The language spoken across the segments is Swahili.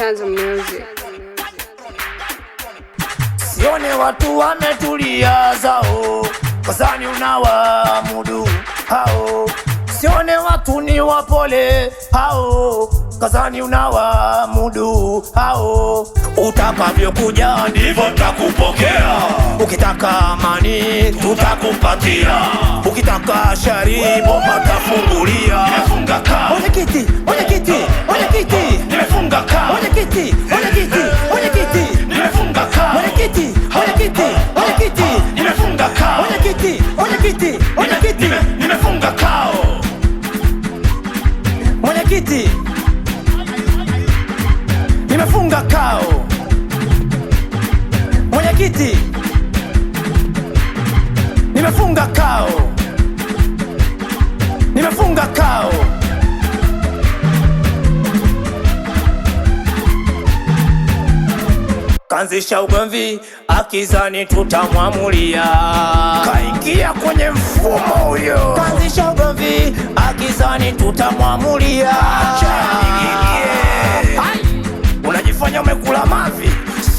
Chanzo Music. Sione watu wametulia zao, wazani unawaamudu hao. Sione watu ni wapole hao, kazani unawaamudu hao. Utakavyokuja ndivyo tutakupokea. Ukitaka amani tutakupatia, ukitaka shari bomba tafungulia. Mwenyekiti, mwenyekiti funga kao. Mwenyekiti, nimefunga kao, nimefunga kao. Kanzisha ugomvi, akizani tutamwamulia. Kaingia kwenye mfumo huyo. Kanzisha ugomvi, akizani tutamwamulia. Acha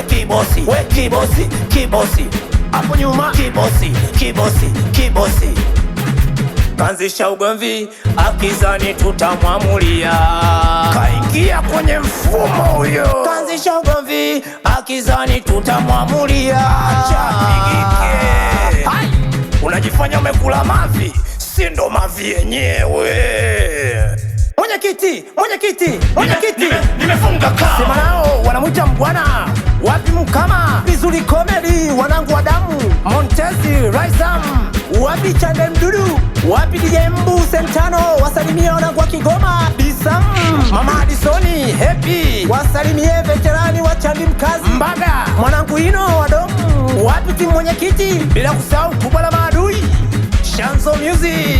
wewe kibosi, we kibosi, kibosi hapo nyuma, kibosi, kibosi, kibosi kanzisha ugomvi, akizani tutamwamulia, kaingia kwenye mfumo huyo. Kanzisha ugomvi, akizani tutamwamulia, acha pigike, unajifanya umekula mavi, si ndo mavi yenyewe. Mwenyekiti, mwenyekiti, mwenyekiti, nimefunga nime kao, sema nao wanamwita mbwana timu kama Vizuri Komedi, Wanangu wa Damu, montezi Raisam, wapi Chande Mdudu, wapi DJ Mbu Sentano, wasalimia wanangu wa Kigoma, Bisam, Mama Adisoni, Happy, wasalimie veterani wa Chandi Mkazi, Mbaga, mwanangu Ino wadomu wapi timu mwenyekiti, bila kusahau kubwa la maadui Shanzo Music.